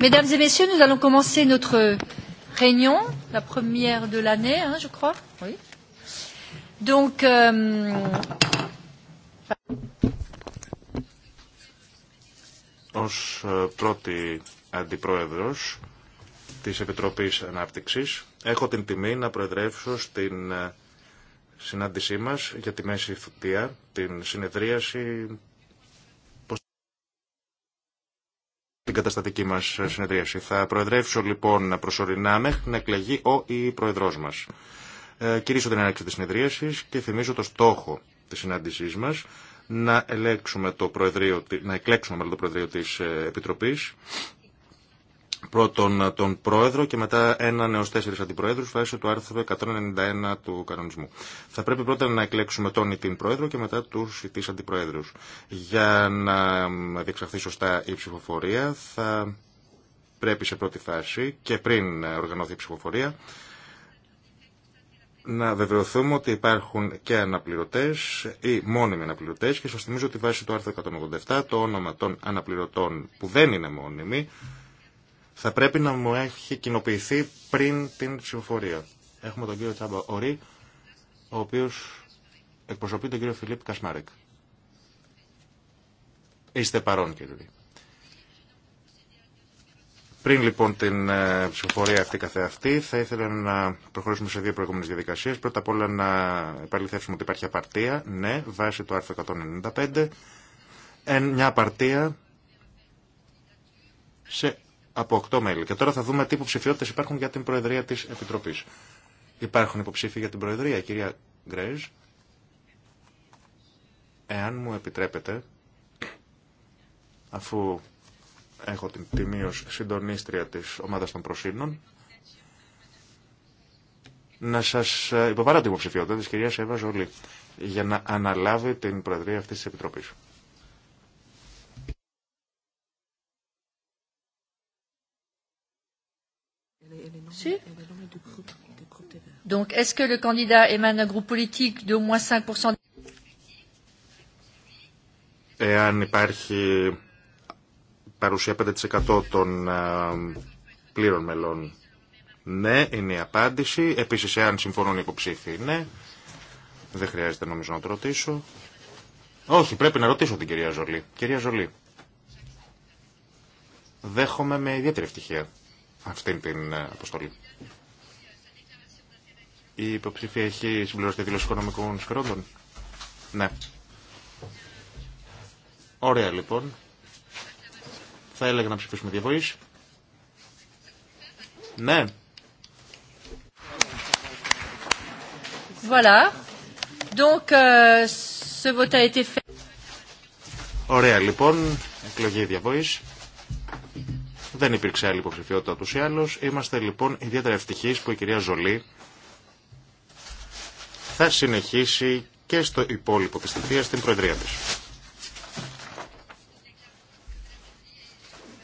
Mesdames et messieurs, nous allons commencer notre réunion, la première de l'année, hein, je crois. Oui. Euh, Ως ε, πρώτη αντιπρόεδρος της Επιτροπής Ανάπτυξης, έχω την τιμή να προεδρεύσω στην ε, συνάντησή μας για τη Μέση Φουτία την συνεδρίαση καταστατική συνεδρίαση. Θα προεδρεύσω λοιπόν προσωρινά μέχρι να εκλεγεί ο ή πρόεδρός μας. Ε, κυρίσω την έναρξη τη συνεδρίαση και θυμίζω το στόχο τη συνάντησή μα να, να εκλέξουμε το Προεδρείο της ε, Επιτροπής πρώτον τον πρόεδρο και μετά έναν έω τέσσερι αντιπροέδρου βάσει του άρθρου 191 του κανονισμού. Θα πρέπει πρώτα να εκλέξουμε τον ή την πρόεδρο και μετά του ή τι αντιπροέδρου. Για να διεξαχθεί σωστά η ψηφοφορία θα πρέπει σε πρώτη φάση και πριν οργανωθεί η ψηφοφορία να βεβαιωθούμε ότι υπάρχουν και αναπληρωτέ ή μόνιμοι αναπληρωτέ και σα θυμίζω ότι βάσει του άρθρου 187 το όνομα των αναπληρωτών που δεν είναι μόνιμοι θα πρέπει να μου έχει κοινοποιηθεί πριν την ψηφοφορία. Έχουμε τον κύριο Τσάμπα Ορή, ο οποίος εκπροσωπεί τον κύριο Φιλίπ Κασμάρεκ. Είστε παρόν κύριε πριν λοιπόν την ε, ψηφοφορία αυτή καθεαυτή, θα ήθελα να προχωρήσουμε σε δύο προηγούμενε διαδικασίε. Πρώτα απ' όλα να επαληθεύσουμε ότι υπάρχει απαρτία. Ναι, βάσει το άρθρο 195. Εν, μια απαρτία σε από 8 μέλη. Και τώρα θα δούμε τι υποψηφιότητε υπάρχουν για την Προεδρία τη Επιτροπή. Υπάρχουν υποψήφοι για την Προεδρία, κυρία Γκρέζ. Εάν μου επιτρέπετε, αφού έχω την τιμή ως συντονίστρια της ομάδας των προσύνων, να σας υποβάλω την υποψηφιότητα της κυρίας Εύα Ζολή για να αναλάβει την Προεδρία αυτή τη επιτροπή. Si Donc, est-ce que le candidat émane d'un groupe politique moins 5% Εάν υπάρχει παρουσία 5% των ε, πλήρων μελών, ναι, είναι η απάντηση. Επίσης, εάν συμφωνούν οι υποψήφοι, ναι. Δεν χρειάζεται νομίζω να το ρωτήσω. Όχι, πρέπει να ρωτήσω την κυρία Ζολή. Κυρία Ζολή, δέχομαι με ιδιαίτερη ευτυχία αυτήν την ε, αποστολή. Η υποψήφια έχει συμπληρώσει τη δήλωση οικονομικών σφαιρόντων. Ναι. Ωραία λοιπόν. Θα έλεγα να ψηφίσουμε διαβοή. Ναι. Voilà. Donc, euh, ce vote a été fait. Ωραία λοιπόν, εκλογή διαβοήση. Δεν υπήρξε άλλη υποψηφιότητα του ή άλλω. Είμαστε λοιπόν ιδιαίτερα ευτυχεί που η κυρία Ζολή θα συνεχίσει και στο υπόλοιπο της θητείας στην Προεδρία της.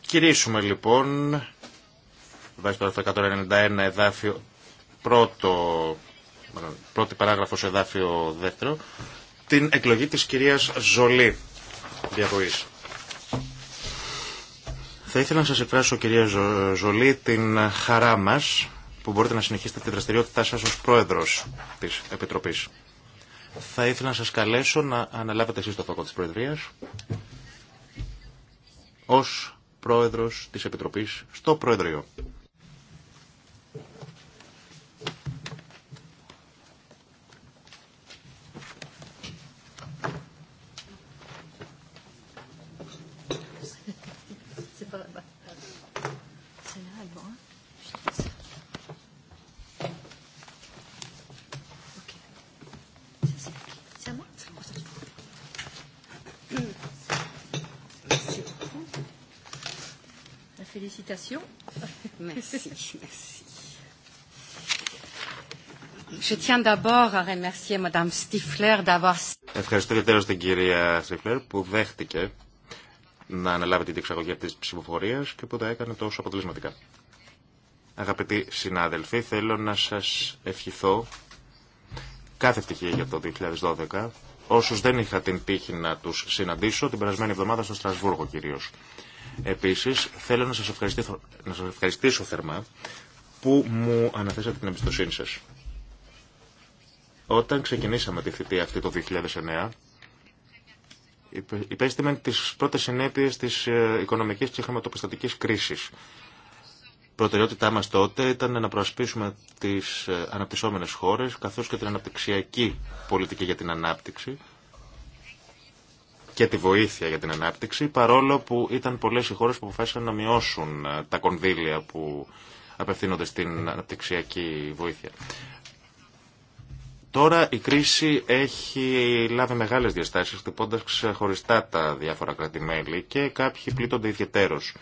Κυρίσουμε λοιπόν, βάζει το 191 εδάφιο πρώτο, πρώτη παράγραφος εδάφιο δεύτερο, την εκλογή της κυρίας Ζολή διαβοής. Θα ήθελα να σας εκφράσω, κυρία Ζολή, την χαρά μας που μπορείτε να συνεχίσετε τη δραστηριότητά σας ως πρόεδρος της Επιτροπής. Θα ήθελα να σας καλέσω να αναλάβετε εσείς το φακό της Προεδρίας ως πρόεδρος της Επιτροπής στο Προεδρείο. Ευχαριστώ merci. Je την κυρία Στιφλέρ που δέχτηκε να αναλάβει την διεξαγωγή αυτής της ψηφοφορίας και που τα έκανε τόσο αποτελεσματικά. Αγαπητοί συνάδελφοι, θέλω να σας ευχηθώ κάθε ευτυχία για το 2012. Όσους δεν είχα την τύχη να τους συναντήσω, την περασμένη εβδομάδα στο Στρασβούργο κυρίως. Επίσης, θέλω να σας, ευχαριστήσω, να σας ευχαριστήσω θερμά που μου αναθέσατε την εμπιστοσύνη σας. Όταν ξεκινήσαμε τη θητεία αυτή το 2009, υπέστημε τις πρώτες συνέπειες της ε, οικονομικής και χρηματοπιστωτικής κρίσης. Προτεραιότητά μας τότε ήταν να προασπίσουμε τις ε, αναπτυσσόμενες χώρες καθώς και την αναπτυξιακή πολιτική για την ανάπτυξη και τη βοήθεια για την ανάπτυξη, παρόλο που ήταν πολλέ οι χώρε που αποφάσισαν να μειώσουν ε, τα κονδύλια που απευθύνονται στην αναπτυξιακή βοήθεια. Τώρα η κρίση έχει λάβει μεγάλες διαστάσεις, χτυπώντας ξεχωριστά τα διάφορα κρατημέλη και κάποιοι πλήττονται ιδιαιτέρως.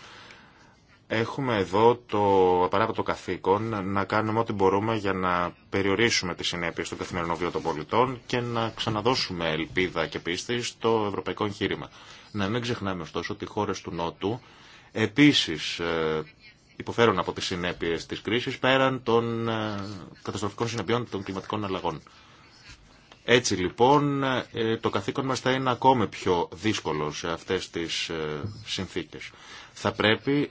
Έχουμε εδώ το το καθήκον να κάνουμε ό,τι μπορούμε για να περιορίσουμε τις συνέπειες του καθημερινού βιώτων των πολιτών και να ξαναδώσουμε ελπίδα και πίστη στο ευρωπαϊκό εγχείρημα. Να μην ξεχνάμε ωστόσο ότι οι χώρες του Νότου επίσης ε, υποφέρουν από τις συνέπειες της κρίσης πέραν των ε, καταστροφικών συνεπειών των κλιματικών αλλαγών. Έτσι λοιπόν ε, το καθήκον μας θα είναι ακόμη πιο δύσκολο σε αυτές τις συνθήκες. Θα πρέπει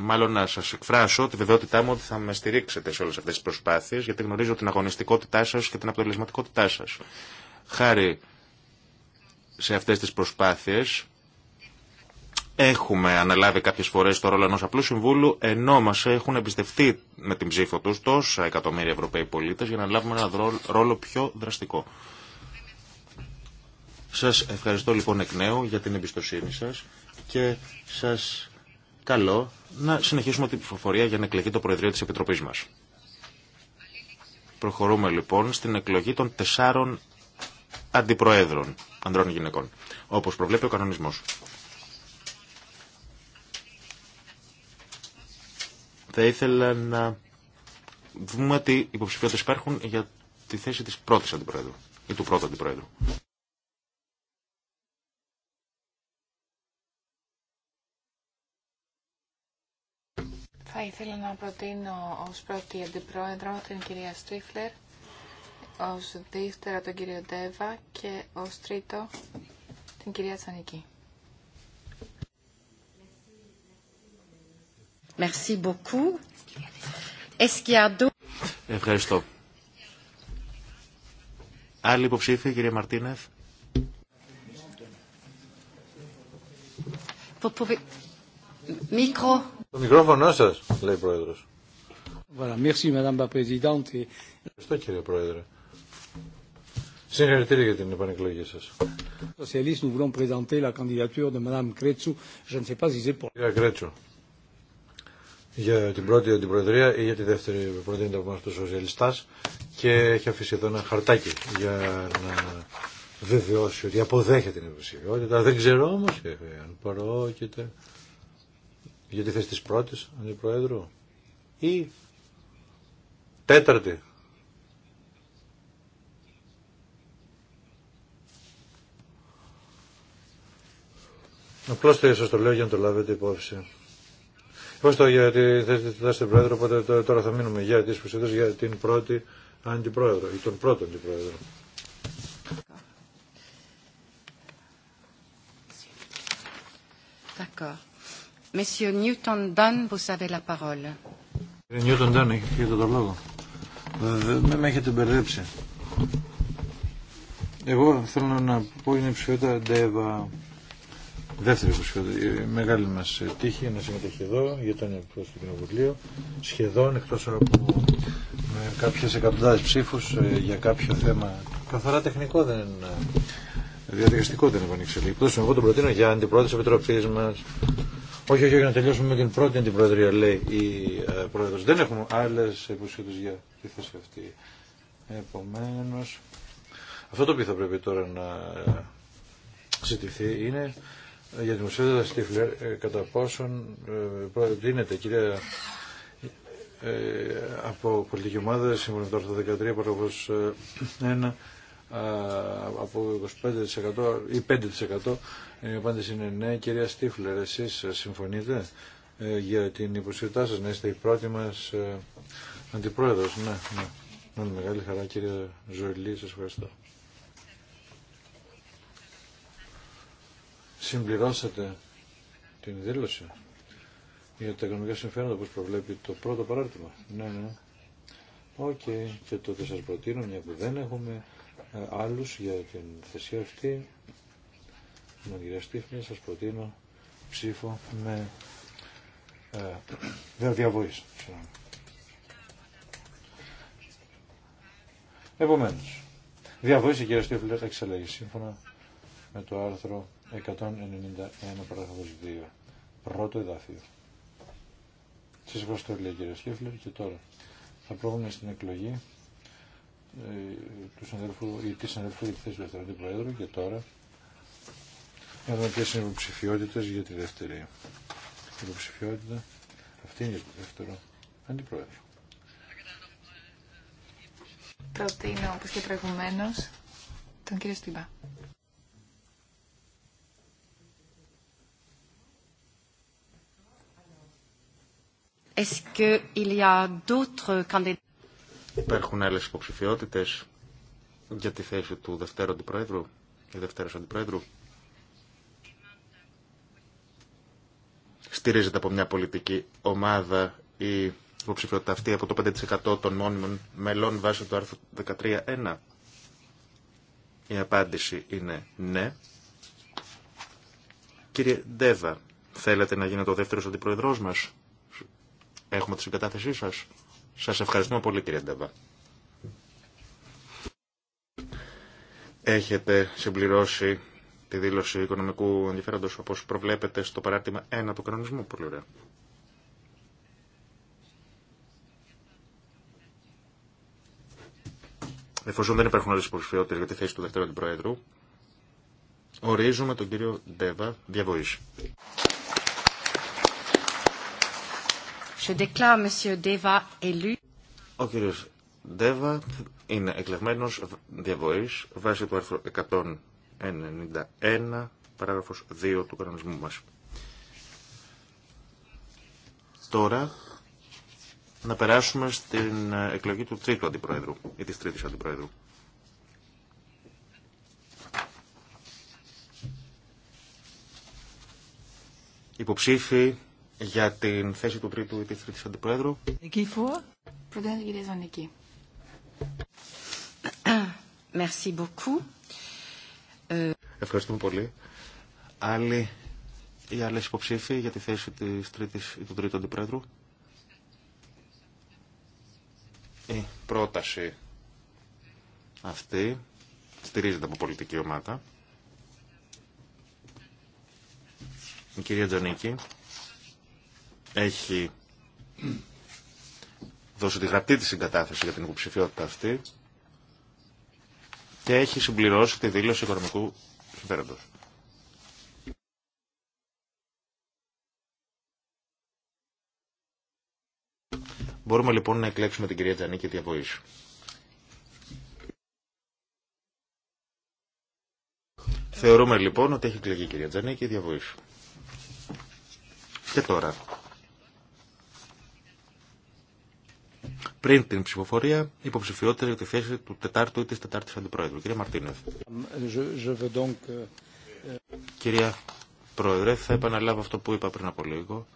μάλλον να σα εκφράσω τη βεβαιότητά μου ότι θα με στηρίξετε σε όλε αυτέ τι προσπάθειε γιατί γνωρίζω την αγωνιστικότητά σα και την αποτελεσματικότητά σα. Χάρη σε αυτέ τι προσπάθειε, έχουμε αναλάβει κάποιε φορέ το ρόλο ενό απλού συμβούλου, ενώ μα έχουν εμπιστευτεί με την ψήφο του τόσα εκατομμύρια Ευρωπαίοι πολίτε για να λάβουμε ένα ρόλο πιο δραστικό. Σα ευχαριστώ λοιπόν εκ νέου για την εμπιστοσύνη σα και σα καλό να συνεχίσουμε την ψηφοφορία για να εκλεγεί το Προεδρείο της Επιτροπής μας. Προχωρούμε λοιπόν στην εκλογή των τεσσάρων αντιπροέδρων ανδρών γυναικών, όπως προβλέπει ο κανονισμός. Θα ήθελα να δούμε τι υποψηφιότητες υπάρχουν για τη θέση της πρώτης αντιπροέδρου ή του πρώτου αντιπροέδρου. Θα ήθελα να προτείνω ως πρώτη αντιπρόεδρο την κυρία Στρίφλερ, ως δεύτερα τον κύριο Ντέβα και ως τρίτο την κυρία Τσανική. Ευχαριστώ. Άλλη υποψήφια, κύριε Μαρτίνεφ. Μικρό. Το μικρόφωνο σα, λέει ο πρόεδρο. Voilà, merci, Madame la Présidente. Ευχαριστώ, κύριε Πρόεδρε. Συγχαρητήρια για την επανεκλογή σα. Socialistes, nous voulons présenter la candidature de Madame Κρέτσου. Je ne sais pas si c'est pour... Κυρία Κρέτσου, για την πρώτη αντιπροεδρία ή για τη δεύτερη προτείνεται από εμά του σοσιαλιστάς και έχει αφήσει εδώ ένα χαρτάκι για να βεβαιώσει ότι αποδέχεται την υποψηφιότητα. Δεν ξέρω όμω ε, ε, αν πρόκειται γιατί τη θέση της πρώτης αντιπροέδρου ή τέταρτη. Απλώς το σας το λέω για να το λάβετε υπόψη. Πώς το γιατί θέσετε την πρόεδρο, οπότε τώρα θα μείνουμε για τις προσθέτες για την πρώτη αντιπρόεδρο ή τον πρώτο αντιπρόεδρο. D'accord. Monsieur Newton Dunn, vous avez la parole. Κύριε το λόγο. Δεν με έχετε μπερδέψει. Εγώ θέλω να πω είναι η ψηφιότητα Ντέβα, δεύτερη ψηφιότητα. Μεγάλη μα τύχη να συμμετέχει εδώ, γιατί ήταν προ του Κοινοβουλίου. σχεδόν εκτό από με κάποιε εκατοντάδε ψήφου ε, για κάποιο θέμα. Καθαρά τεχνικό δεν ε, διαδικαστικό δεν επανεξελίχθηκε. Εγώ τον προτείνω για αντιπρόεδρο τη Επιτροπή μα, όχι, όχι, όχι, να τελειώσουμε με την πρώτη αντιπροεδρία, λέει η ε, Δεν έχουμε άλλες υποσχέσεις για τη θέση αυτή. Επομένως, αυτό το οποίο θα πρέπει τώρα να ε, ζητηθεί είναι ε, για τη Μουσική Στίφλερ ε, κατά πόσον ε, δίνεται, κυρία ε, από πολιτική ομάδα, σύμφωνα με το άρθρο 13, παράγραφος 1, από 25% ή 5%. Η απάντηση είναι ναι. Κυρία Στίφλερ, εσείς ε, συμφωνείτε ε, για την υποσχετά σας να είστε η πρώτη μας ε, αντιπρόεδρος. Ναι, ναι. μεγάλη χαρά κύριε Ζωηλή, σας ευχαριστώ. Συμπληρώσατε την δήλωση για τα οικονομικά συμφέροντα όπως προβλέπει το πρώτο παράρτημα. Ναι, ναι. Οκ, okay. και τότε σας προτείνω μια που δεν έχουμε ε, άλλους για την θεσία αυτή. Με τον κυρία Στίφνη σας προτείνω ψήφο με ε, διαβοής. Επομένως, διαβοής η Στίφνη θα εξελέγει σύμφωνα με το άρθρο 191 παράγραφος 2. Πρώτο εδάφιο. Σας ευχαριστώ κύριε Στίφλερ και τώρα θα προβούμε στην εκλογή ε, του συναδελφού ή τη συναδελφού για τη θέση του Δευτερού Προέδρου και τώρα να δούμε ποιε είναι οι υποψηφιότητε για τη δεύτερη υποψηφιότητα. Αυτή είναι για το δεύτερο αντιπρόεδρο. Προτείνω όπω και προηγουμένω τον κύριο Στυμπά. Est-ce qu'il y a d'autres candidats Υπάρχουν άλλε υποψηφιότητε για τη θέση του δευτέρου αντιπρόεδρου ή δευτέρας αντιπρόεδρου. Στηρίζεται από μια πολιτική ομάδα η δευτερου αντιπροεδρου στηριζεται απο αυτή από το 5% των μόνιμων μελών βάσει του άρθρου 13.1. Η απάντηση είναι ναι. Κύριε Ντέβα, θέλετε να γίνετε ο δεύτερος αντιπρόεδρός μας. Έχουμε τη συγκατάθεσή σας. Σας ευχαριστούμε πολύ κύριε Ντεβά. Έχετε συμπληρώσει τη δήλωση οικονομικού ενδιαφέροντος όπως προβλέπετε στο παράρτημα 1 του κανονισμού. Πολύ ωραία. Εφόσον δεν υπάρχουν τις υποψηφιότητε για τη θέση του Δευτέρου Αντιπροέδρου, ορίζουμε τον κύριο Ντέβα διαβοή. Ο κύριος Ντέβα είναι εκλεγμένος διαβοής βάσει του άρθρου 191 παράγραφος 2 του κανονισμού μας. Τώρα να περάσουμε στην εκλογή του τρίτου αντιπρόεδρου ή της τρίτης αντιπρόεδρου. Υποψήφοι για την θέση του τρίτου ή της τρίτης αντιπρόεδρου. Πρώτα η της τριτης αντιπροεδρου εκεί. Merci beaucoup. Ε, Ευχαριστούμε πολύ. Άλλοι ή άλλες υποψήφοι για τη θέση της τρίτης ή του τρίτου αντιπρόεδρου. Η πρόταση αυτή στηρίζεται από πολιτική ομάδα. Η κυρία Τζανίκη έχει δώσει τη γραπτή της συγκατάθεση για την υποψηφιότητα αυτή και έχει συμπληρώσει τη δήλωση οικονομικού συμφέροντος. Μπορούμε λοιπόν να εκλέξουμε την κυρία Τζανίκη διαβοής. Θεωρούμε λοιπόν ότι έχει εκλεγεί η κυρία Τζανίκη διαβοής. Και τώρα, πριν την ψηφοφορία υποψηφιότητα για τη θέση του τετάρτου ή της τετάρτης αντιπρόεδρου. Κύριε Μαρτίνεφ. Um, euh, euh, κυρία Πρόεδρε, θα επαναλάβω αυτό που είπα πριν από λίγο.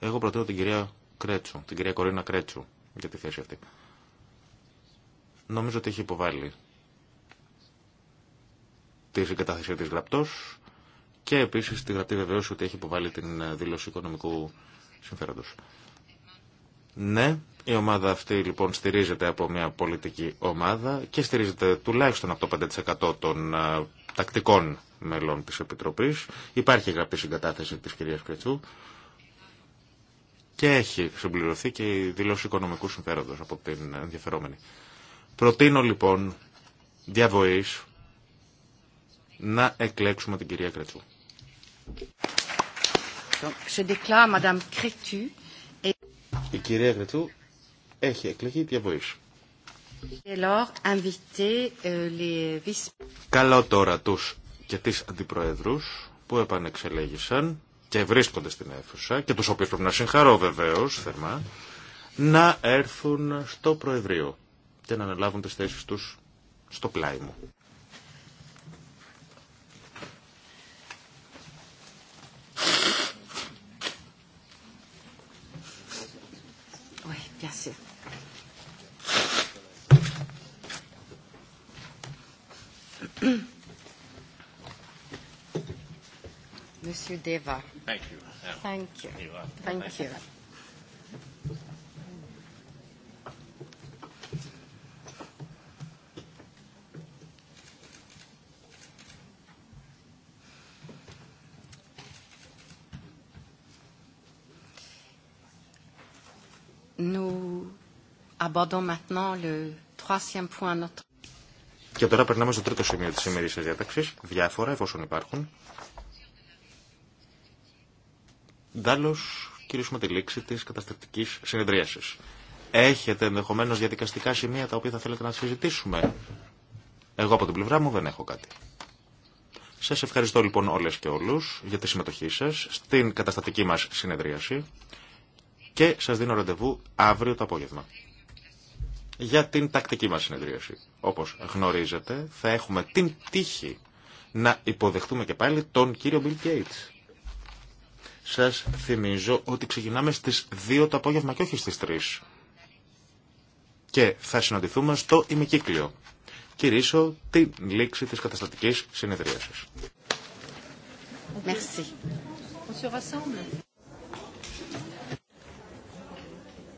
Εγώ προτείνω την κυρία Κρέτσου, την κυρία Κορίνα Κρέτσου για τη θέση αυτή. Νομίζω ότι έχει υποβάλει τη συγκατάθεση της γραπτός και επίσης τη γραπτή βεβαίωση ότι έχει υποβάλει την ε, δήλωση οικονομικού συμφέροντος. Ναι, η ομάδα αυτή λοιπόν στηρίζεται από μια πολιτική ομάδα και στηρίζεται τουλάχιστον από το 5% των ε, τακτικών μελών της Επιτροπής. Υπάρχει γραπτή συγκατάθεση της κυρίας Κρετσού και έχει συμπληρωθεί και η δηλώση οικονομικού συμφέροντος από την ενδιαφερόμενη. Προτείνω λοιπόν διαβοής να εκλέξουμε την κυρία Κρετσού. je déclare κυρία του έχει εκλεγεί διαβοής. Euh, Καλό τώρα τους και τις αντιπροεδρούς που επανεξελέγησαν και βρίσκονται στην αίθουσα και τους οποίους πρέπει να συγχαρώ βεβαίως θερμά να έρθουν στο Προεδρείο και να αναλάβουν τις θέσεις τους στο πλάι μου. Grazie. Monsieur Deva. Thank you. Thank you. Thank you. Nous και τώρα περνάμε στο τρίτο σημείο της ημερήσιας διάταξης, διάφορα εφόσον υπάρχουν. Δάλλως κηρύσουμε τη λήξη της καταστατικής συνεδρίασης. Έχετε ενδεχομένως διαδικαστικά σημεία τα οποία θα θέλετε να συζητήσουμε. Εγώ από την πλευρά μου δεν έχω κάτι. Σας ευχαριστώ λοιπόν όλες και όλους για τη συμμετοχή σας στην καταστατική μας συνεδρίαση και σας δίνω ραντεβού αύριο το απόγευμα για την τακτική μας συνεδρίαση. Όπως γνωρίζετε, θα έχουμε την τύχη να υποδεχτούμε και πάλι τον κύριο Bill Gates. Σας θυμίζω ότι ξεκινάμε στις 2 το απόγευμα και όχι στις 3. Και θα συναντηθούμε στο ημικύκλιο. Κυρίσω την λήξη της καταστατικής συνεδρίασης. Merci.